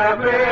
the bed.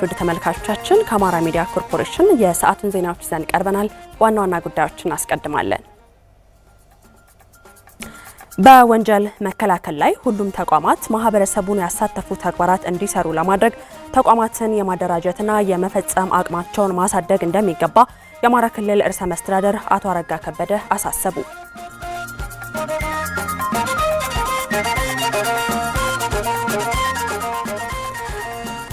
ናችሁ ውድ ተመልካቾቻችን። ከአማራ ሚዲያ ኮርፖሬሽን የሰዓቱን ዜናዎች ይዘን ቀርበናል። ዋና ዋና ጉዳዮችን አስቀድማለን። በወንጀል መከላከል ላይ ሁሉም ተቋማት ማህበረሰቡን ያሳተፉ ተግባራት እንዲሰሩ ለማድረግ ተቋማትን የማደራጀትና የመፈጸም አቅማቸውን ማሳደግ እንደሚገባ የአማራ ክልል ርዕሰ መስተዳደር አቶ አረጋ ከበደ አሳሰቡ።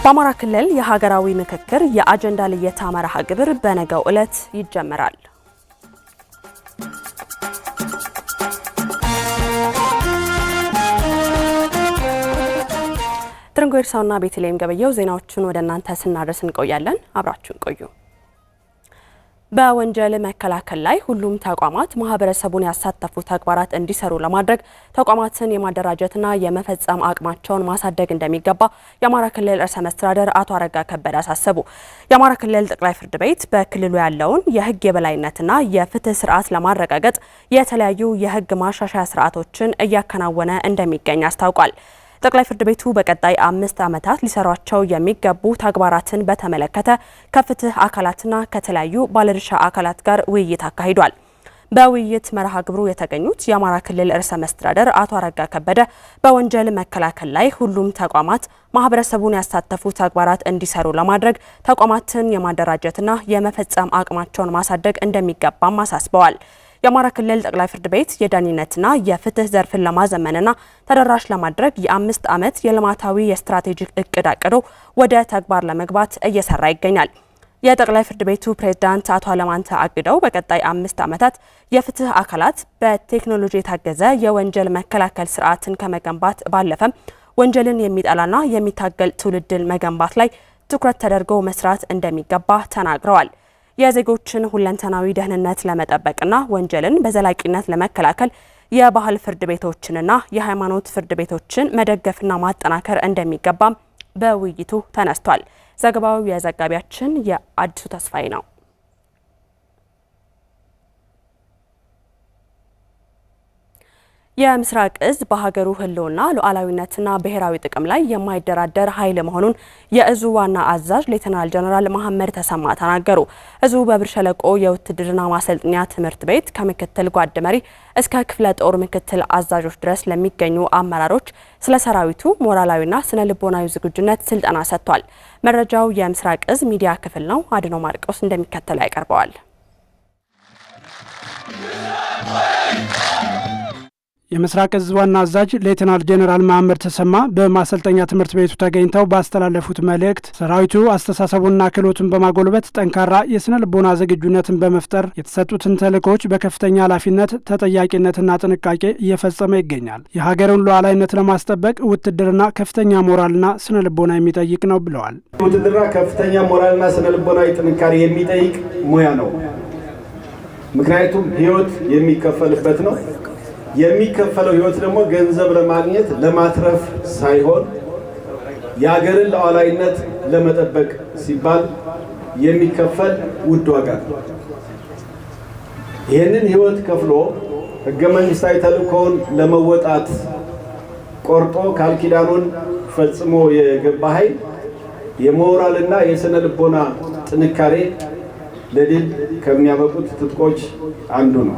በአማራ ክልል የሀገራዊ ምክክር የአጀንዳ ልየታ መርሃ ግብር በነገው ዕለት ይጀመራል። ትርንጎ ኤርሳውና ቤተልሔም ገበየው ዜናዎቹን ወደ እናንተ ስናደርስ እንቆያለን። አብራችሁን ቆዩ። በወንጀል መከላከል ላይ ሁሉም ተቋማት ማህበረሰቡን ያሳተፉ ተግባራት እንዲሰሩ ለማድረግ ተቋማትን የማደራጀትና የመፈጸም አቅማቸውን ማሳደግ እንደሚገባ የአማራ ክልል ርዕሰ መስተዳደር አቶ አረጋ ከበደ አሳሰቡ። የአማራ ክልል ጠቅላይ ፍርድ ቤት በክልሉ ያለውን የህግ የበላይነትና የፍትህ ስርዓት ለማረጋገጥ የተለያዩ የህግ ማሻሻያ ስርዓቶችን እያከናወነ እንደሚገኝ አስታውቋል። ጠቅላይ ፍርድ ቤቱ በቀጣይ አምስት ዓመታት ሊሰሯቸው የሚገቡ ተግባራትን በተመለከተ ከፍትህ አካላትና ከተለያዩ ባለድርሻ አካላት ጋር ውይይት አካሂዷል። በውይይት መርሃ ግብሩ የተገኙት የአማራ ክልል ርዕሰ መስተዳደር አቶ አረጋ ከበደ በወንጀል መከላከል ላይ ሁሉም ተቋማት ማህበረሰቡን ያሳተፉ ተግባራት እንዲሰሩ ለማድረግ ተቋማትን የማደራጀትና የመፈጸም አቅማቸውን ማሳደግ እንደሚገባም አሳስበዋል። የአማራ ክልል ጠቅላይ ፍርድ ቤት የዳኝነትና የፍትህ ዘርፍን ለማዘመንና ተደራሽ ለማድረግ የአምስት ዓመት የልማታዊ የስትራቴጂክ እቅድ አቅዶ ወደ ተግባር ለመግባት እየሰራ ይገኛል። የጠቅላይ ፍርድ ቤቱ ፕሬዝዳንት አቶ አለማንተ አግደው በቀጣይ አምስት ዓመታት የፍትህ አካላት በቴክኖሎጂ የታገዘ የወንጀል መከላከል ስርዓትን ከመገንባት ባለፈም ወንጀልን የሚጠላና የሚታገል ትውልድን መገንባት ላይ ትኩረት ተደርጎ መስራት እንደሚገባ ተናግረዋል። የዜጎችን ሁለንተናዊ ደህንነት ለመጠበቅና ወንጀልን በዘላቂነት ለመከላከል የባህል ፍርድ ቤቶችንና የሃይማኖት ፍርድ ቤቶችን መደገፍና ማጠናከር እንደሚገባም በውይይቱ ተነስቷል። ዘገባው የዘጋቢያችን የአዲሱ ተስፋዬ ነው። የምስራቅ እዝ በሀገሩ ህልውና ሉዓላዊነትና ብሔራዊ ጥቅም ላይ የማይደራደር ኃይል መሆኑን የእዙ ዋና አዛዥ ሌተናል ጀነራል መሐመድ ተሰማ ተናገሩ። እዙ በብር ሸለቆ የውትድርና ማሰልጥኛ ትምህርት ቤት ከምክትል ጓድ መሪ እስከ ክፍለ ጦር ምክትል አዛዦች ድረስ ለሚገኙ አመራሮች ስለ ሰራዊቱ ሞራላዊና ስነ ልቦናዊ ዝግጁነት ስልጠና ሰጥቷል። መረጃው የምስራቅ እዝ ሚዲያ ክፍል ነው። አድኖ ማርቆስ እንደሚከተለው ያቀርበዋል። የምስራቅ እዝ ዋና አዛዥ ሌትናል ጄኔራል መሐመድ ተሰማ በማሰልጠኛ ትምህርት ቤቱ ተገኝተው ባስተላለፉት መልእክት ሰራዊቱ አስተሳሰቡና ክህሎቱን በማጎልበት ጠንካራ የስነ ልቦና ዝግጁነትን በመፍጠር የተሰጡትን ተልእኮዎች በከፍተኛ ኃላፊነት፣ ተጠያቂነትና ጥንቃቄ እየፈጸመ ይገኛል። የሀገርን ሉዓላዊነት ለማስጠበቅ ውትድርና ከፍተኛ ሞራልና ስነ ልቦና የሚጠይቅ ነው ብለዋል። ውትድርና ከፍተኛ ሞራልና ስነ ልቦናዊ ጥንካሬ የሚጠይቅ ሙያ ነው። ምክንያቱም ህይወት የሚከፈልበት ነው። የሚከፈለው ህይወት ደግሞ ገንዘብ ለማግኘት ለማትረፍ ሳይሆን የሀገርን ሉዓላዊነት ለመጠበቅ ሲባል የሚከፈል ውድ ዋጋ ነው። ይህንን ህይወት ከፍሎ ህገ መንግስታዊ ተልእኮውን ለመወጣት ቆርጦ ቃል ኪዳኑን ፈጽሞ የገባ ኃይል የሞራልና የስነ ልቦና ጥንካሬ ለድል ከሚያበቁት ትጥቆች አንዱ ነው።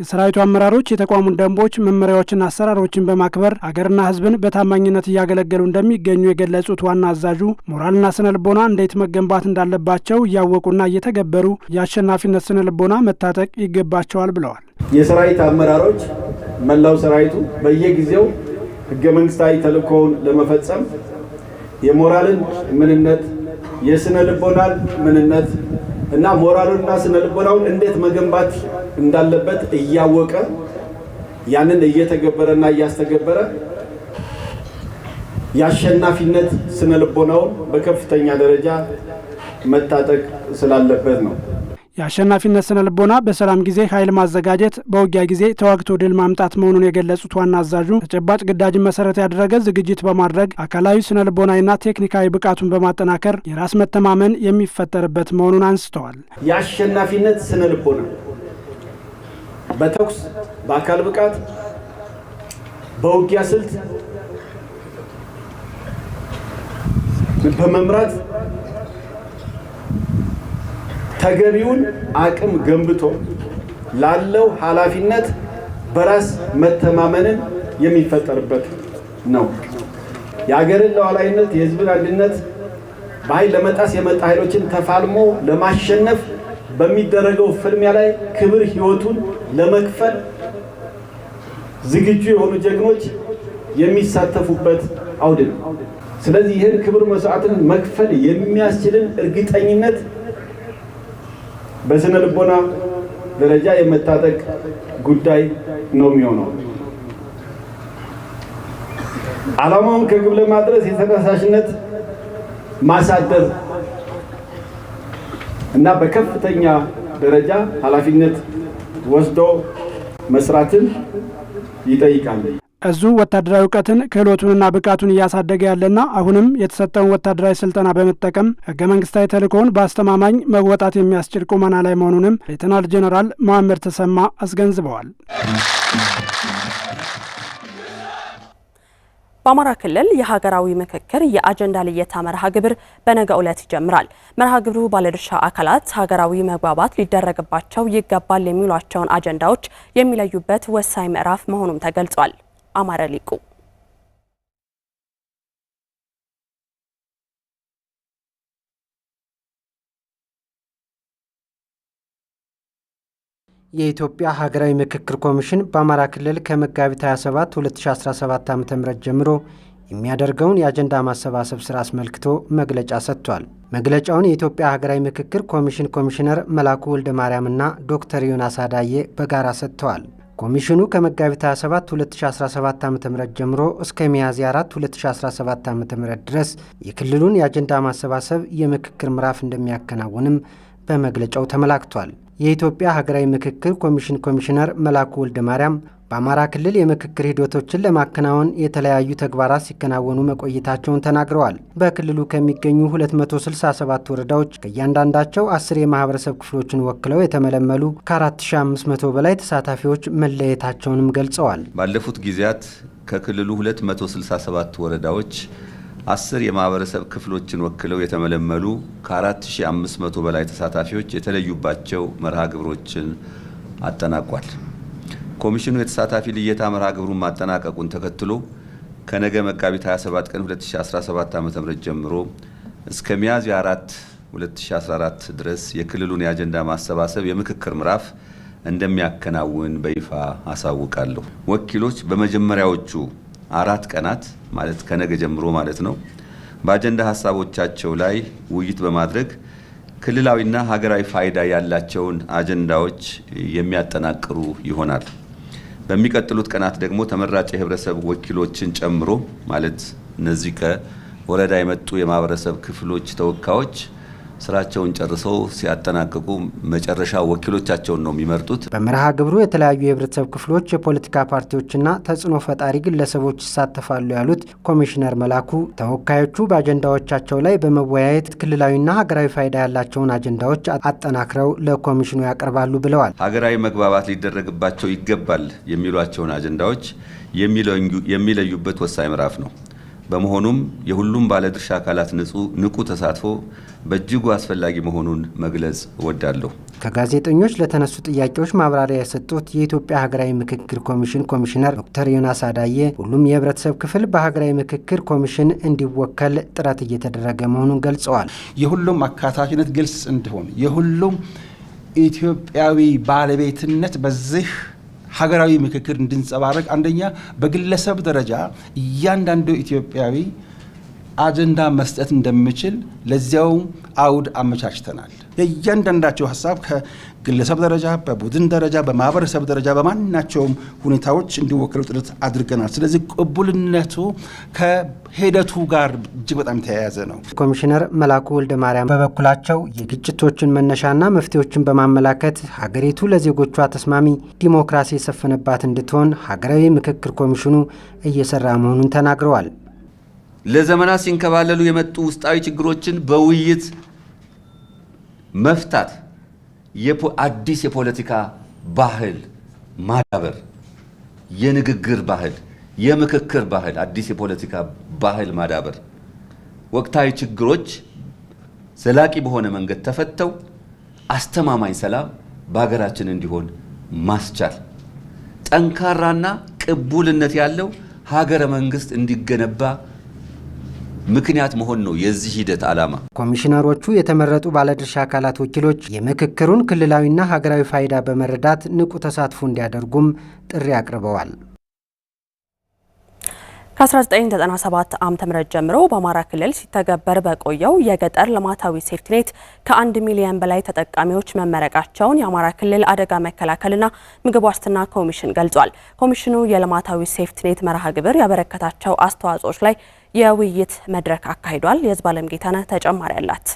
የሰራዊቱ አመራሮች የተቋሙን ደንቦች፣ መመሪያዎችና አሰራሮችን በማክበር አገርና ሕዝብን በታማኝነት እያገለገሉ እንደሚገኙ የገለጹት ዋና አዛዡ ሞራልና ስነ ልቦና እንዴት መገንባት እንዳለባቸው እያወቁና እየተገበሩ የአሸናፊነት ስነ ልቦና መታጠቅ ይገባቸዋል ብለዋል። የሰራዊት አመራሮች መላው ሰራዊቱ በየጊዜው ህገ መንግስታዊ ተልእኮውን ለመፈጸም የሞራልን ምንነት የስነ ልቦናን ምንነት እና ሞራሉና ስነ ልቦናውን እንዴት መገንባት እንዳለበት እያወቀ ያንን እየተገበረና እያስተገበረ የአሸናፊነት ስነ ልቦናውን በከፍተኛ ደረጃ መታጠቅ ስላለበት ነው። የአሸናፊነት ስነ ልቦና በሰላም ጊዜ ኃይል ማዘጋጀት፣ በውጊያ ጊዜ ተዋግቶ ድል ማምጣት መሆኑን የገለጹት ዋና አዛዡ ተጨባጭ ግዳጅን መሰረት ያደረገ ዝግጅት በማድረግ አካላዊ ስነ ልቦናዊና ቴክኒካዊ ብቃቱን በማጠናከር የራስ መተማመን የሚፈጠርበት መሆኑን አንስተዋል። የአሸናፊነት ስነ ልቦና በተኩስ በአካል ብቃት በውጊያ ስልት በመምራት ተገቢውን አቅም ገንብቶ ላለው ኃላፊነት በራስ መተማመንን የሚፈጠርበት ነው። የአገርን ሉዓላዊነት፣ የሕዝብን አንድነት በኃይል ለመጣስ የመጣ ኃይሎችን ተፋልሞ ለማሸነፍ በሚደረገው ፍልሚያ ላይ ክብር ህይወቱን ለመክፈል ዝግጁ የሆኑ ጀግኖች የሚሳተፉበት አውድ ነው። ስለዚህ ይህን ክብር መስዋዕትን መክፈል የሚያስችልን እርግጠኝነት በስነ ልቦና ደረጃ የመታጠቅ ጉዳይ ነው የሚሆነው። ዓላማውን ከግብ ለማድረስ የተነሳሽነት ማሳደር እና በከፍተኛ ደረጃ ኃላፊነት ወስዶ መስራትን ይጠይቃል። እዙ ወታደራዊ እውቀትን ክህሎቱንና ብቃቱን እያሳደገ ያለና አሁንም የተሰጠውን ወታደራዊ ስልጠና በመጠቀም ህገ መንግስታዊ ተልእኮውን በአስተማማኝ መወጣት የሚያስችል ቁመና ላይ መሆኑንም ሌተናል ጄኔራል መሐመድ ተሰማ አስገንዝበዋል። በአማራ ክልል የሀገራዊ ምክክር የአጀንዳ ልየታ መርሃ ግብር በነገ ዕለት ይጀምራል። መርሃ ግብሩ ባለድርሻ አካላት ሀገራዊ መግባባት ሊደረግባቸው ይገባል የሚሏቸውን አጀንዳዎች የሚለዩበት ወሳኝ ምዕራፍ መሆኑም ተገልጿል። አማረ ሊቁ የኢትዮጵያ ሀገራዊ ምክክር ኮሚሽን በአማራ ክልል ከመጋቢት 27 2017 ዓ ም ጀምሮ የሚያደርገውን የአጀንዳ ማሰባሰብ ስራ አስመልክቶ መግለጫ ሰጥቷል። መግለጫውን የኢትዮጵያ ሀገራዊ ምክክር ኮሚሽን ኮሚሽነር መላኩ ወልደ ማርያምና ዶክተር ዮናስ አዳዬ በጋራ ሰጥተዋል። ኮሚሽኑ ከመጋቢት 27 2017 ዓ ም ጀምሮ እስከ ሚያዝያ 4 2017 ዓ ም ድረስ የክልሉን የአጀንዳ ማሰባሰብ የምክክር ምዕራፍ እንደሚያከናውንም በመግለጫው ተመላክቷል። የኢትዮጵያ ሀገራዊ ምክክር ኮሚሽን ኮሚሽነር መላኩ ወልደ ማርያም በአማራ ክልል የምክክር ሂደቶችን ለማከናወን የተለያዩ ተግባራት ሲከናወኑ መቆየታቸውን ተናግረዋል። በክልሉ ከሚገኙ 267 ወረዳዎች ከእያንዳንዳቸው አስር የማህበረሰብ ክፍሎችን ወክለው የተመለመሉ ከ4500 በላይ ተሳታፊዎች መለየታቸውንም ገልጸዋል። ባለፉት ጊዜያት ከክልሉ 267 ወረዳዎች አስር የማህበረሰብ ክፍሎችን ወክለው የተመለመሉ ከ4500 በላይ ተሳታፊዎች የተለዩባቸው መርሃ ግብሮችን አጠናቋል። ኮሚሽኑ የተሳታፊ ልየታ መርሃ ግብሩን ማጠናቀቁን ተከትሎ ከነገ መጋቢት 27 ቀን 2017 ዓ.ም ጀምሮ እስከ ሚያዝያ 4 2014 ድረስ የክልሉን የአጀንዳ ማሰባሰብ የምክክር ምዕራፍ እንደሚያከናውን በይፋ አሳውቃለሁ። ወኪሎች በመጀመሪያዎቹ አራት ቀናት ማለት ከነገ ጀምሮ ማለት ነው በአጀንዳ ሀሳቦቻቸው ላይ ውይይት በማድረግ ክልላዊና ሀገራዊ ፋይዳ ያላቸውን አጀንዳዎች የሚያጠናቅሩ ይሆናል። በሚቀጥሉት ቀናት ደግሞ ተመራጭ የህብረተሰብ ወኪሎችን ጨምሮ ማለት እነዚህ ከወረዳ የመጡ የማህበረሰብ ክፍሎች ተወካዮች ስራቸውን ጨርሰው ሲያጠናቅቁ መጨረሻ ወኪሎቻቸውን ነው የሚመርጡት። በመርሃ ግብሩ የተለያዩ የህብረተሰብ ክፍሎች፣ የፖለቲካ ፓርቲዎችና ተጽዕኖ ፈጣሪ ግለሰቦች ይሳተፋሉ ያሉት ኮሚሽነር መላኩ ተወካዮቹ በአጀንዳዎቻቸው ላይ በመወያየት ክልላዊና ሀገራዊ ፋይዳ ያላቸውን አጀንዳዎች አጠናክረው ለኮሚሽኑ ያቀርባሉ ብለዋል። ሀገራዊ መግባባት ሊደረግባቸው ይገባል የሚሏቸውን አጀንዳዎች የሚለዩበት ወሳኝ ምዕራፍ ነው። በመሆኑም የሁሉም ባለድርሻ አካላት ንቁ ተሳትፎ በእጅጉ አስፈላጊ መሆኑን መግለጽ እወዳለሁ። ከጋዜጠኞች ለተነሱ ጥያቄዎች ማብራሪያ የሰጡት የኢትዮጵያ ሀገራዊ ምክክር ኮሚሽን ኮሚሽነር ዶክተር ዮናስ አዳዬ ሁሉም የህብረተሰብ ክፍል በሀገራዊ ምክክር ኮሚሽን እንዲወከል ጥረት እየተደረገ መሆኑን ገልጸዋል። የሁሉም አካታችነት ግልጽ እንዲሆን የሁሉም ኢትዮጵያዊ ባለቤትነት በዚህ ሀገራዊ ምክክር እንድንጸባረቅ አንደኛ በግለሰብ ደረጃ እያንዳንዱ ኢትዮጵያዊ አጀንዳ መስጠት እንደሚችል ለዚያው አውድ አመቻችተናል። የእያንዳንዳቸው ሀሳብ ከግለሰብ ደረጃ፣ በቡድን ደረጃ፣ በማህበረሰብ ደረጃ በማናቸውም ሁኔታዎች እንዲወከሉ ጥረት አድርገናል። ስለዚህ ቅቡልነቱ ከሂደቱ ጋር እጅግ በጣም የተያያዘ ነው። ኮሚሽነር መላኩ ወልደ ማርያም በበኩላቸው የግጭቶችን መነሻና መፍትሄዎችን በማመላከት ሀገሪቱ ለዜጎቿ ተስማሚ ዲሞክራሲ የሰፈነባት እንድትሆን ሀገራዊ ምክክር ኮሚሽኑ እየሰራ መሆኑን ተናግረዋል። ለዘመናት ሲንከባለሉ የመጡ ውስጣዊ ችግሮችን በውይይት መፍታት፣ አዲስ የፖለቲካ ባህል ማዳበር፣ የንግግር ባህል፣ የምክክር ባህል፣ አዲስ የፖለቲካ ባህል ማዳበር፣ ወቅታዊ ችግሮች ዘላቂ በሆነ መንገድ ተፈተው አስተማማኝ ሰላም በሀገራችን እንዲሆን ማስቻል፣ ጠንካራና ቅቡልነት ያለው ሀገረ መንግስት እንዲገነባ ምክንያት መሆን ነው የዚህ ሂደት ዓላማ። ኮሚሽነሮቹ የተመረጡ ባለድርሻ አካላት ወኪሎች የምክክሩን ክልላዊና ሀገራዊ ፋይዳ በመረዳት ንቁ ተሳትፎ እንዲያደርጉም ጥሪ አቅርበዋል። ከ1997 ዓ.ም ጀምሮ በአማራ ክልል ሲተገበር በቆየው የገጠር ልማታዊ ሴፍቲኔት ከአንድ ሚሊዮን በላይ ተጠቃሚዎች መመረቃቸውን የአማራ ክልል አደጋ መከላከልና ምግብ ዋስትና ኮሚሽን ገልጿል። ኮሚሽኑ የልማታዊ ሴፍቲኔት መርሃ ግብር ያበረከታቸው አስተዋጽኦች ላይ የውይይት መድረክ አካሂዷል። የህዝብ አለም ጌታነህ ተጨማሪ አላት።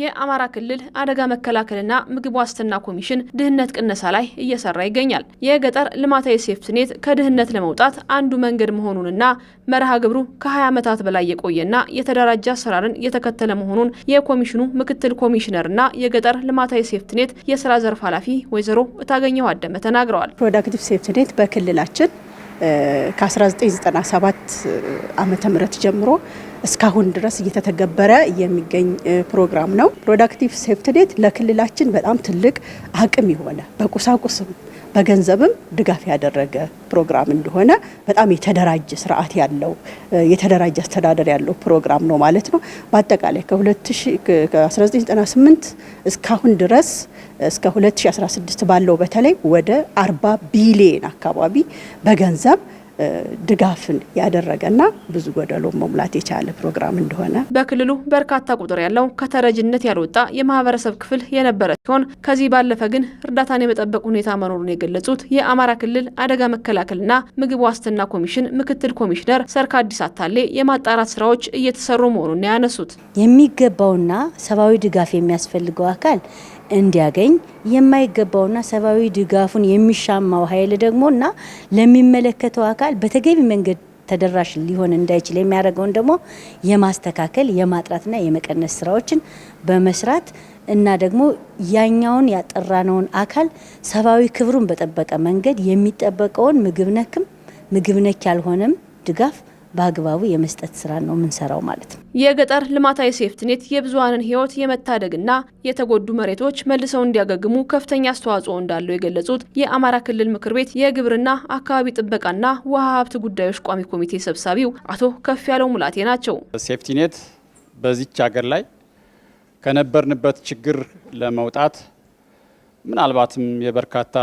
የአማራ ክልል አደጋ መከላከልና ምግብ ዋስትና ኮሚሽን ድህነት ቅነሳ ላይ እየሰራ ይገኛል። የገጠር ልማታዊ ሴፍትኔት ከድህነት ለመውጣት አንዱ መንገድ መሆኑንና መርሃ ግብሩ ከ20 ዓመታት በላይ የቆየና የተደራጀ አሰራርን የተከተለ መሆኑን የኮሚሽኑ ምክትል ኮሚሽነርና የገጠር ልማታዊ ሴፍትኔት የስራ ዘርፍ ኃላፊ ወይዘሮ እታገኘው አደመ ተናግረዋል። ፕሮዳክቲቭ ሴፍትኔት በክልላችን ከ1997 ዓ ምህረት ጀምሮ እስካሁን ድረስ እየተተገበረ የሚገኝ ፕሮግራም ነው። ፕሮዳክቲቭ ሴፍቲ ኔት ለክልላችን በጣም ትልቅ አቅም የሆነ በቁሳቁስም በገንዘብም ድጋፍ ያደረገ ፕሮግራም እንደሆነ በጣም የተደራጀ ስርዓት ያለው የተደራጀ አስተዳደር ያለው ፕሮግራም ነው ማለት ነው። በአጠቃላይ ከ1998 እስካሁን ድረስ እስከ 2016 ባለው በተለይ ወደ 40 ቢሊየን አካባቢ በገንዘብ ድጋፍን ያደረገና ብዙ ጎደሎ መሙላት የቻለ ፕሮግራም እንደሆነ በክልሉ በርካታ ቁጥር ያለው ከተረጅነት ያልወጣ የማህበረሰብ ክፍል የነበረ ሲሆን ከዚህ ባለፈ ግን እርዳታን የመጠበቅ ሁኔታ መኖሩን የገለጹት የአማራ ክልል አደጋ መከላከልና ምግብ ዋስትና ኮሚሽን ምክትል ኮሚሽነር ሰርካ አዲስ አታሌ የማጣራት ስራዎች እየተሰሩ መሆኑን ያነሱት የሚገባውና ሰብአዊ ድጋፍ የሚያስፈልገው አካል እንዲያገኝ የማይገባውና ሰብአዊ ድጋፉን የሚሻማው ኃይል ደግሞ እና ለሚመለከተው አካል በተገቢ መንገድ ተደራሽ ሊሆን እንዳይችል የሚያደርገውን ደግሞ የማስተካከል የማጥራትና የመቀነስ ስራዎችን በመስራት እና ደግሞ ያኛውን ያጠራነውን አካል ሰብአዊ ክብሩን በጠበቀ መንገድ የሚጠበቀውን ምግብ ነክም ምግብ ነክ ያልሆነም ድጋፍ በአግባቡ የመስጠት ስራ ነው የምንሰራው ማለት ነው። የገጠር ልማታዊ ሴፍትኔት የብዙሀንን ህይወት የመታደግና የተጎዱ መሬቶች መልሰው እንዲያገግሙ ከፍተኛ አስተዋጽኦ እንዳለው የገለጹት የአማራ ክልል ምክር ቤት የግብርና አካባቢ ጥበቃና ውሃ ሀብት ጉዳዮች ቋሚ ኮሚቴ ሰብሳቢው አቶ ከፍ ያለው ሙላቴ ናቸው። ሴፍቲኔት በዚች ሀገር ላይ ከነበርንበት ችግር ለመውጣት ምናልባትም የበርካታ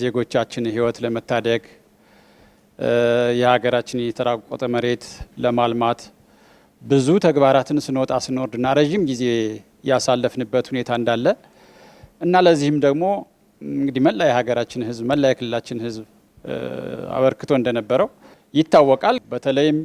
ዜጎቻችን ህይወት ለመታደግ የሀገራችን የተራቆጠ መሬት ለማልማት ብዙ ተግባራትን ስንወጣ ስንወርድና ረዥም ጊዜ ያሳለፍንበት ሁኔታ እንዳለ እና ለዚህም ደግሞ እንግዲህ መላ የሀገራችን ህዝብ መላ የክልላችን ህዝብ አበርክቶ እንደነበረው ይታወቃል። በተለይም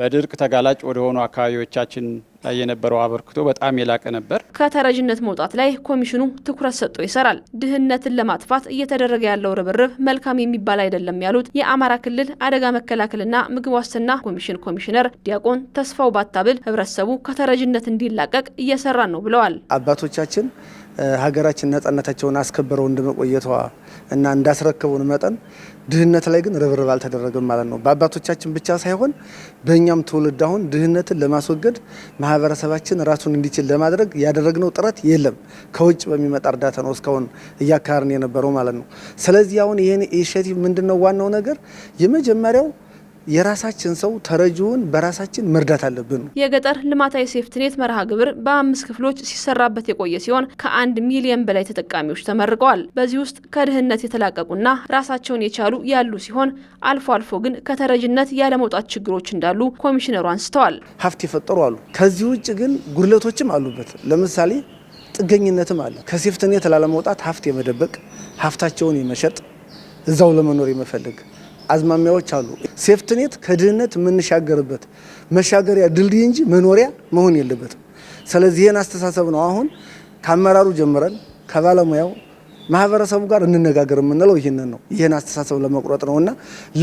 በድርቅ ተጋላጭ ወደሆኑ አካባቢዎቻችን ላይ የነበረው አበርክቶ በጣም የላቀ ነበር። ከተረጅነት መውጣት ላይ ኮሚሽኑ ትኩረት ሰጥቶ ይሰራል። ድህነትን ለማጥፋት እየተደረገ ያለው ርብርብ መልካም የሚባል አይደለም ያሉት የአማራ ክልል አደጋ መከላከልና ምግብ ዋስትና ኮሚሽን ኮሚሽነር ዲያቆን ተስፋው ባታብል ህብረተሰቡ ከተረጅነት እንዲላቀቅ እየሰራ ነው ብለዋል። አባቶቻችን ሀገራችን ነጻነታቸውን አስከብረው እንደመቆየቷ እና እንዳስረከቡን መጠን ድህነት ላይ ግን ርብርብ አልተደረገም ማለት ነው። በአባቶቻችን ብቻ ሳይሆን በእኛም ትውልድ አሁን ድህነትን ለማስወገድ ማህበረሰባችን ራሱን እንዲችል ለማድረግ ያደረግነው ጥረት የለም። ከውጭ በሚመጣ እርዳታ ነው እስካሁን እያካርን የነበረው ማለት ነው። ስለዚህ አሁን ይህን ኢኒሽቲቭ ምንድን ነው ዋናው ነገር የመጀመሪያው የራሳችን ሰው ተረጂውን በራሳችን መርዳት አለብን። የገጠር ልማታዊ ሴፍትኔት መርሃ ግብር በአምስት ክፍሎች ሲሰራበት የቆየ ሲሆን ከአንድ ሚሊየን በላይ ተጠቃሚዎች ተመርቀዋል። በዚህ ውስጥ ከድህነት የተላቀቁና ራሳቸውን የቻሉ ያሉ ሲሆን አልፎ አልፎ ግን ከተረጅነት ያለመውጣት ችግሮች እንዳሉ ኮሚሽነሩ አንስተዋል። ሀብት የፈጠሩ አሉ። ከዚህ ውጭ ግን ጉድለቶችም አሉበት። ለምሳሌ ጥገኝነትም አለ። ከሴፍትኔት ላለመውጣት ሀብት የመደበቅ ሀብታቸውን የመሸጥ እዛው ለመኖር የመፈለግ አዝማሚያዎች አሉ። ሴፍትኔት ከድህነት የምንሻገርበት መሻገሪያ ድልድይ እንጂ መኖሪያ መሆን የለበትም። ስለዚህ ይህን አስተሳሰብ ነው አሁን ከአመራሩ ጀምረን ከባለሙያው ማህበረሰቡ ጋር እንነጋገር የምንለው ይህንን ነው። ይህን አስተሳሰብ ለመቁረጥ ነው እና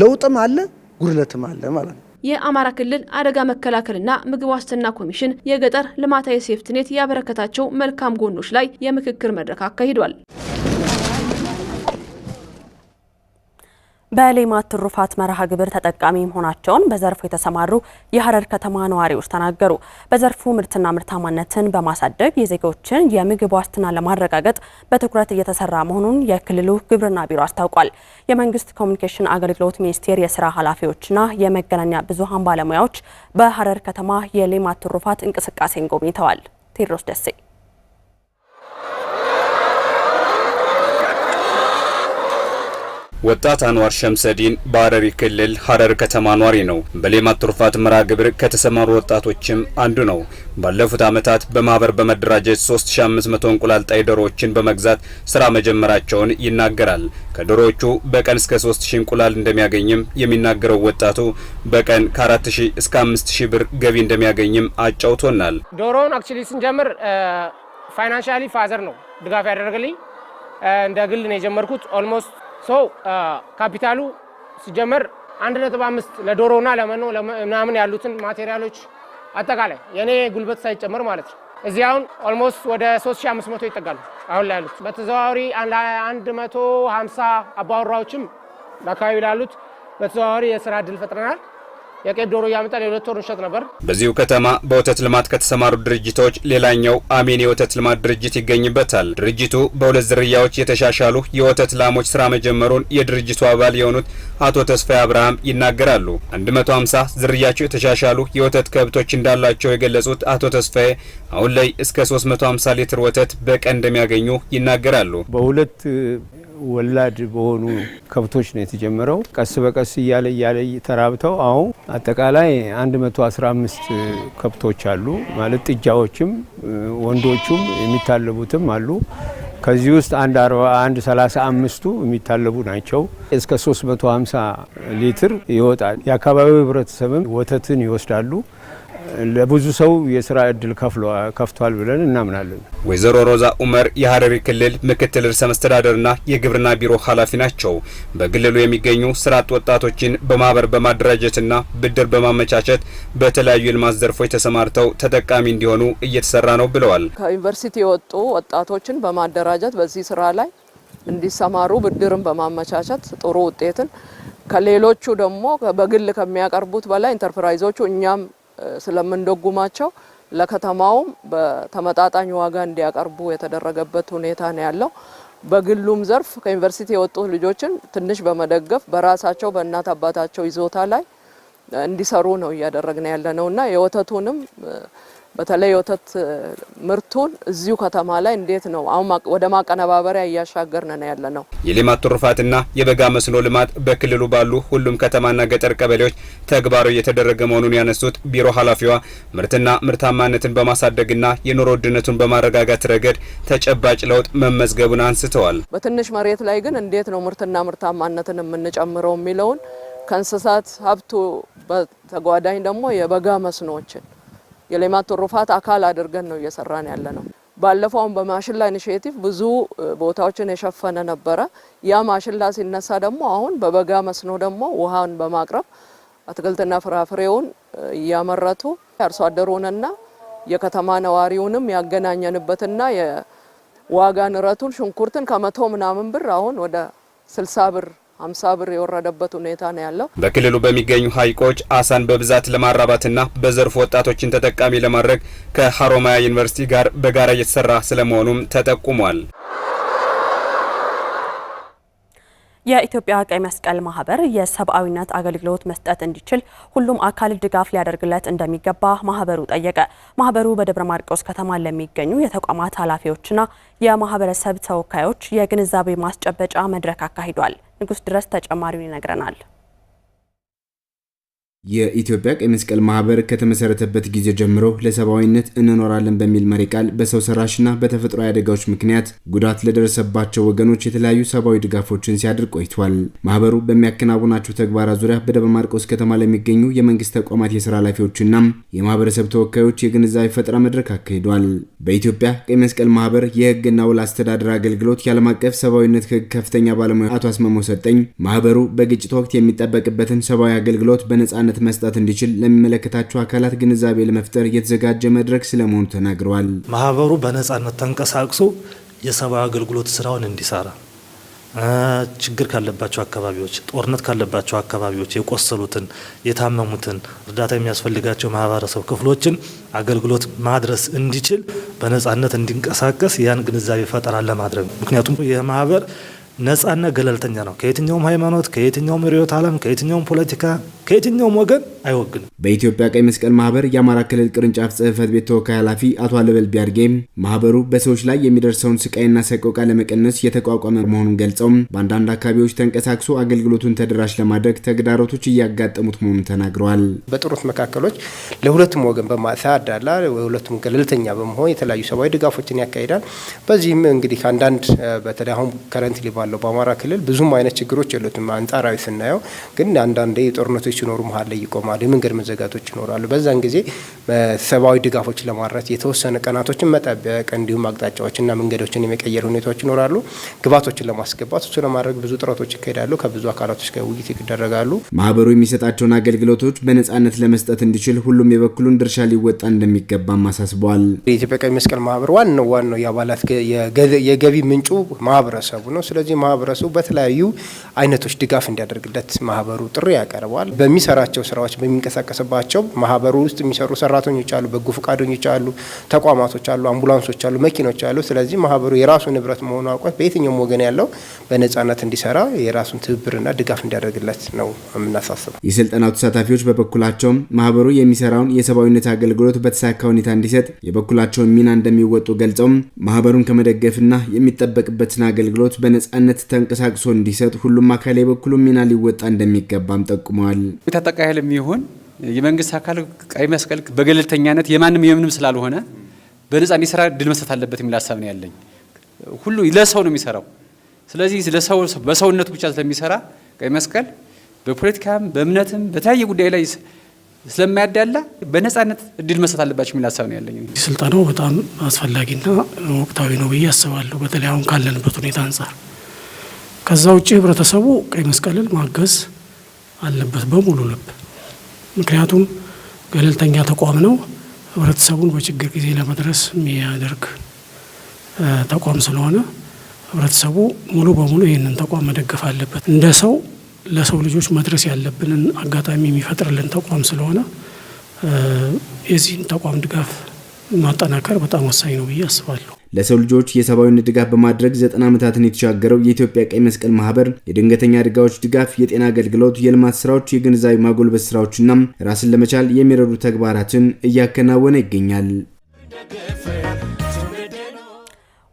ለውጥም አለ ጉድለትም አለ ማለት ነው። የአማራ ክልል አደጋ መከላከልና ምግብ ዋስትና ኮሚሽን የገጠር ልማታዊ ሴፍትኔት ያበረከታቸው መልካም ጎኖች ላይ የምክክር መድረክ አካሂዷል። በሌማት ትሩፋት መርሃ ግብር ተጠቃሚ መሆናቸውን በዘርፉ የተሰማሩ የሀረር ከተማ ነዋሪዎች ተናገሩ። በዘርፉ ምርትና ምርታማነትን በማሳደግ የዜጎችን የምግብ ዋስትና ለማረጋገጥ በትኩረት እየተሰራ መሆኑን የክልሉ ግብርና ቢሮ አስታውቋል። የመንግስት ኮሚኒኬሽን አገልግሎት ሚኒስቴር የስራ ኃላፊዎችና የመገናኛ ብዙሃን ባለሙያዎች በሀረር ከተማ የሌማት ትሩፋት እንቅስቃሴን ጎብኝተዋል። ቴዎድሮስ ደሴ ወጣት አንዋር ሸምሰዲን በሐረሪ ክልል ሐረር ከተማ ኗሪ ነው። በሌማት ትሩፋት መርሃ ግብር ከተሰማሩ ወጣቶችም አንዱ ነው። ባለፉት ዓመታት በማህበር በመደራጀት 3500 እንቁላል ጣይ ዶሮዎችን በመግዛት ስራ መጀመራቸውን ይናገራል። ከዶሮዎቹ በቀን እስከ 3000 እንቁላል እንደሚያገኝም የሚናገረው ወጣቱ በቀን ከ4000 እስከ 5000 ብር ገቢ እንደሚያገኝም አጫውቶናል። ዶሮውን አክቹሊ ስንጀምር ፋይናንሻሊ ፋዘር ነው ድጋፍ ያደረገልኝ። እንደ ግል ነው የጀመርኩት ኦልሞስት ሰው ካፒታሉ ሲጀመር አንድ ነጥብ አምስት ለዶሮና ለመኖ ምናምን ያሉትን ማቴሪያሎች አጠቃላይ የእኔ ጉልበት ሳይጨምር ማለት ነው። እዚህ አሁን ኦልሞስት ወደ 3500 ይጠጋሉ አሁን ላይ ያሉት። በተዘዋዋሪ 150 አባወራዎችም በአካባቢ ላሉት በተዘዋዋሪ የስራ እድል ፈጥረናል። የቄብ ዶሮ እያመጣን የሁለት ወር እንሸጥ ነበር። በዚሁ ከተማ በወተት ልማት ከተሰማሩ ድርጅቶች ሌላኛው አሜን የወተት ልማት ድርጅት ይገኝበታል። ድርጅቱ በሁለት ዝርያዎች የተሻሻሉ የወተት ላሞች ስራ መጀመሩን የድርጅቱ አባል የሆኑት አቶ ተስፋዬ አብርሃም ይናገራሉ። 150 ዝርያቸው የተሻሻሉ የወተት ከብቶች እንዳላቸው የገለጹት አቶ ተስፋዬ አሁን ላይ እስከ 350 ሊትር ወተት በቀን እንደሚያገኙ ይናገራሉ። በሁለት ወላድ በሆኑ ከብቶች ነው የተጀመረው። ቀስ በቀስ እያለ እያለ ተራብተው አሁን አጠቃላይ 115 ከብቶች አሉ ማለት ጥጃዎችም ወንዶቹም የሚታለቡትም አሉ። ከዚህ ውስጥ አንድ 41 35ቱ የሚታለቡ ናቸው። እስከ 350 ሊትር ይወጣል። የአካባቢው ህብረተሰብም ወተትን ይወስዳሉ። ለብዙ ሰው የስራ እድል ከፍቷል ብለን እናምናለን። ወይዘሮ ሮዛ ኡመር የሀረሪ ክልል ምክትል ርዕሰ መስተዳደርና የግብርና ቢሮ ኃላፊ ናቸው። በክልሉ የሚገኙ ስራ አጥ ወጣቶችን በማህበር በማደራጀትና ብድር በማመቻቸት በተለያዩ የልማት ዘርፎች ተሰማርተው ተጠቃሚ እንዲሆኑ እየተሰራ ነው ብለዋል። ከዩኒቨርሲቲ የወጡ ወጣቶችን በማደራጀት በዚህ ስራ ላይ እንዲሰማሩ ብድርን በማመቻቸት ጥሩ ውጤትን ከሌሎቹ ደግሞ በግል ከሚያቀርቡት በላይ ኢንተርፕራይዞቹ እኛም ስለምንደጉማቸው ለከተማውም በተመጣጣኝ ዋጋ እንዲያቀርቡ የተደረገበት ሁኔታ ነው ያለው። በግሉም ዘርፍ ከዩኒቨርሲቲ የወጡ ልጆችን ትንሽ በመደገፍ በራሳቸው በእናት አባታቸው ይዞታ ላይ እንዲሰሩ ነው እያደረግን ያለ ነው እና የወተቱንም በተለይ የወተት ምርቱን እዚሁ ከተማ ላይ እንዴት ነው አሁን ወደ ማቀነባበሪያ እያሻገርን ነው ያለ ነው። የሌማት ትሩፋትና የበጋ መስኖ ልማት በክልሉ ባሉ ሁሉም ከተማና ገጠር ቀበሌዎች ተግባራዊ እየተደረገ መሆኑን ያነሱት ቢሮ ኃላፊዋ ምርትና ምርታማነትን በማሳደግና የኑሮ ውድነቱን በማረጋጋት ረገድ ተጨባጭ ለውጥ መመዝገቡን አንስተዋል። በትንሽ መሬት ላይ ግን እንዴት ነው ምርትና ምርታማነትን የምንጨምረው የሚለውን ከእንስሳት ሀብቱ በተጓዳኝ ደግሞ የበጋ መስኖዎችን የሌማት ትሩፋት አካል አድርገን ነው እየሰራን ያለ ነው። ባለፈው አሁን በማሽላ ኢኒሽቲቭ ብዙ ቦታዎችን የሸፈነ ነበረ። ያ ማሽላ ሲነሳ ደግሞ አሁን በበጋ መስኖ ደግሞ ውሃን በማቅረብ አትክልትና ፍራፍሬውን እያመረቱ አርሶ አደሩንና የከተማ ነዋሪውንም ያገናኘንበትና የዋጋ ንረቱን ሽንኩርትን ከመቶ ምናምን ብር አሁን ወደ ስልሳ ብር አምሳ ብር የወረደበት ሁኔታ ነው ያለው። በክልሉ በሚገኙ ሀይቆች አሳን በብዛት ለማራባትና በዘርፉ ወጣቶችን ተጠቃሚ ለማድረግ ከሀሮማያ ዩኒቨርሲቲ ጋር በጋራ እየተሰራ ስለመሆኑም ተጠቁሟል። የኢትዮጵያ ቀይ መስቀል ማህበር የሰብአዊነት አገልግሎት መስጠት እንዲችል ሁሉም አካል ድጋፍ ሊያደርግለት እንደሚገባ ማህበሩ ጠየቀ። ማህበሩ በደብረ ማርቆስ ከተማ ለሚገኙ የተቋማት ኃላፊዎችና የማህበረሰብ ተወካዮች የግንዛቤ ማስጨበጫ መድረክ አካሂዷል። ንጉስ ድረስ ተጨማሪውን ይነግረናል። የኢትዮጵያ ቀይ መስቀል ማህበር ከተመሰረተበት ጊዜ ጀምሮ ለሰብአዊነት እንኖራለን በሚል መሪ ቃል በሰው ሰራሽና በተፈጥሮ አደጋዎች ምክንያት ጉዳት ለደረሰባቸው ወገኖች የተለያዩ ሰብአዊ ድጋፎችን ሲያደርግ ቆይቷል። ማህበሩ በሚያከናውናቸው ተግባራት ዙሪያ በደብረ ማርቆስ ከተማ ለሚገኙ የመንግስት ተቋማት የስራ ኃላፊዎችና የማህበረሰብ ተወካዮች የግንዛቤ ፈጠራ መድረክ አካሂዷል። በኢትዮጵያ ቀይ መስቀል ማህበር የህግና ውል አስተዳደር አገልግሎት የዓለም አቀፍ ሰብአዊነት ህግ ከፍተኛ ባለሙያ አቶ አስመሞ ሰጠኝ ማህበሩ በግጭት ወቅት የሚጠበቅበትን ሰብአዊ አገልግሎት በነጻነት አስተያየት መስጠት እንዲችል ለሚመለከታቸው አካላት ግንዛቤ ለመፍጠር የተዘጋጀ መድረክ ስለመሆኑ ተናግረዋል። ማህበሩ በነጻነት ተንቀሳቅሶ የሰብአዊ አገልግሎት ስራውን እንዲሰራ ችግር ካለባቸው አካባቢዎች፣ ጦርነት ካለባቸው አካባቢዎች የቆሰሉትን፣ የታመሙትን እርዳታ የሚያስፈልጋቸው ማህበረሰብ ክፍሎችን አገልግሎት ማድረስ እንዲችል በነጻነት እንዲንቀሳቀስ ያን ግንዛቤ ፈጠራ ለማድረግ ምክንያቱም ይህ ማህበር ነጻና ገለልተኛ ነው። ከየትኛውም ሃይማኖት፣ ከየትኛውም ርዕዮተ ዓለም፣ ከየትኛውም ፖለቲካ ከየትኛውም ወገን አይወግንም። በኢትዮጵያ ቀይ መስቀል ማህበር የአማራ ክልል ቅርንጫፍ ጽህፈት ቤት ተወካይ ኃላፊ አቶ አለበል ቢያድጌም ማህበሩ በሰዎች ላይ የሚደርሰውን ስቃይና ሰቆቃ ለመቀነስ የተቋቋመ መሆኑን ገልጸው በአንዳንድ አካባቢዎች ተንቀሳቅሶ አገልግሎቱን ተደራሽ ለማድረግ ተግዳሮቶች እያጋጠሙት መሆኑን ተናግረዋል። በጥሩት መካከሎች ለሁለቱም ወገን በማሳዳላ ሁለቱም ገለልተኛ በመሆን የተለያዩ ሰብአዊ ድጋፎችን ያካሂዳል። በዚህም እንግዲህ ከአንዳንድ በተለይ አሁን ከረንት ባለው በአማራ ክልል ብዙም አይነት ችግሮች የሉትም አንጻራዊ ስናየው ግን አንዳንድ የጦርነቶች ችግሮች ሲኖሩ መሀል ላይ ይቆማሉ። የመንገድ መዘጋቶች ይኖራሉ። በዛን ጊዜ ሰብአዊ ድጋፎች ለማድረስ የተወሰነ ቀናቶችን መጠበቅ እንዲሁም አቅጣጫዎችና መንገዶችን የመቀየር ሁኔታዎች ይኖራሉ። ግባቶችን ለማስገባት እሱ ለማድረግ ብዙ ጥረቶች ይካሄዳሉ። ከብዙ አካላቶች ጋር ውይይት ይደረጋሉ። ማህበሩ የሚሰጣቸውን አገልግሎቶች በነጻነት ለመስጠት እንዲችል ሁሉም የበኩሉን ድርሻ ሊወጣ እንደሚገባም አሳስበዋል። የኢትዮጵያ ቀይ መስቀል ማህበር ዋናው ዋናው የአባላት የገቢ ምንጩ ማህበረሰቡ ነው። ስለዚህ ማህበረሰቡ በተለያዩ አይነቶች ድጋፍ እንዲያደርግለት ማህበሩ ጥሪ ያቀርባል። በሚሰራቸው ስራዎች በሚንቀሳቀስባቸው ማህበሩ ውስጥ የሚሰሩ ሰራተኞች አሉ፣ በጎ ፈቃደኞች አሉ፣ ተቋማቶች አሉ፣ አምቡላንሶች አሉ፣ መኪኖች አሉ። ስለዚህ ማህበሩ የራሱ ንብረት መሆኑ አውቋት በየትኛውም ወገን ያለው በነጻነት እንዲሰራ የራሱን ትብብርና ድጋፍ እንዲያደርግለት ነው የምናሳስበው። የስልጠናው ተሳታፊዎች በበኩላቸውም ማህበሩ የሚሰራውን የሰብአዊነት አገልግሎት በተሳካ ሁኔታ እንዲሰጥ የበኩላቸውን ሚና እንደሚወጡ ገልጸውም ማህበሩን ከመደገፍና የሚጠበቅበትን አገልግሎት በነጻነት ተንቀሳቅሶ እንዲሰጥ ሁሉም አካል የበኩሉ ሚና ሊወጣ እንደሚገባም ጠቁመዋል። የታጠቀ ኃይል የሚሆን የመንግስት አካል ቀይ መስቀል በገለልተኛነት የማንም የምንም ስላልሆነ በነጻ እንዲሰራ ድል መስጠት አለበት የሚል ሀሳብ ነው ያለኝ። ሁሉ ለሰው ነው የሚሰራው። ስለዚህ ለሰው በሰውነቱ ብቻ ስለሚሰራ ቀይ መስቀል በፖለቲካም በእምነትም በተለያየ ጉዳይ ላይ ስለማያዳላ በነጻነት እድል መስጠት አለባቸው የሚል ሀሳብ ነው ያለኝ። ስልጠናው በጣም አስፈላጊና ወቅታዊ ነው ብዬ አስባለሁ፣ በተለይ አሁን ካለንበት ሁኔታ አንጻር። ከዛ ውጭ ህብረተሰቡ ቀይ መስቀልን ማገዝ አለበት በሙሉ ልብ። ምክንያቱም ገለልተኛ ተቋም ነው። ህብረተሰቡን በችግር ጊዜ ለመድረስ የሚያደርግ ተቋም ስለሆነ ህብረተሰቡ ሙሉ በሙሉ ይህንን ተቋም መደገፍ አለበት። እንደ ሰው ለሰው ልጆች መድረስ ያለብንን አጋጣሚ የሚፈጥርልን ተቋም ስለሆነ የዚህን ተቋም ድጋፍ ማጠናከር በጣም ወሳኝ ነው ብዬ አስባለሁ። ለሰው ልጆች የሰብአዊነት ድጋፍ በማድረግ ዘጠና ዓመታትን የተሻገረው የኢትዮጵያ ቀይ መስቀል ማህበር የድንገተኛ አደጋዎች ድጋፍ፣ የጤና አገልግሎት፣ የልማት ስራዎች፣ የግንዛቤ ማጎልበት ስራዎችና ራስን ለመቻል የሚረዱ ተግባራትን እያከናወነ ይገኛል።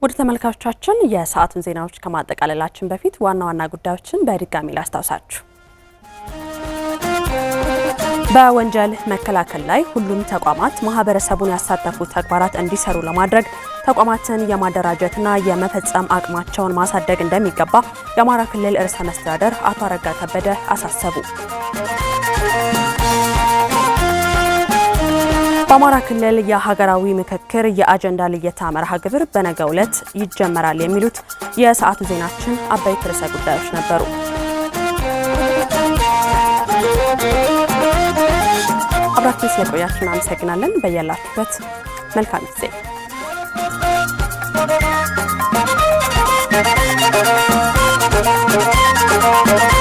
ወደ ተመልካቾቻችን የሰዓቱን ዜናዎች ከማጠቃለላችን በፊት ዋና ዋና ጉዳዮችን በድጋሚ ላስታውሳችሁ። በወንጀል መከላከል ላይ ሁሉም ተቋማት ማህበረሰቡን ያሳተፉ ተግባራት እንዲሰሩ ለማድረግ ተቋማትን የማደራጀትና የመፈጸም አቅማቸውን ማሳደግ እንደሚገባ የአማራ ክልል ርዕሰ መስተዳደር አቶ አረጋ ከበደ አሳሰቡ። በአማራ ክልል የሀገራዊ ምክክር የአጀንዳ ልየታ መርሃ ግብር በነገ ዕለት ይጀመራል የሚሉት የሰዓቱ ዜናችን አበይት ርዕሰ ጉዳዮች ነበሩ። አብራችሁ ስለቆያችን አመሰግናለን። በያላችሁበት መልካም ጊዜ Thank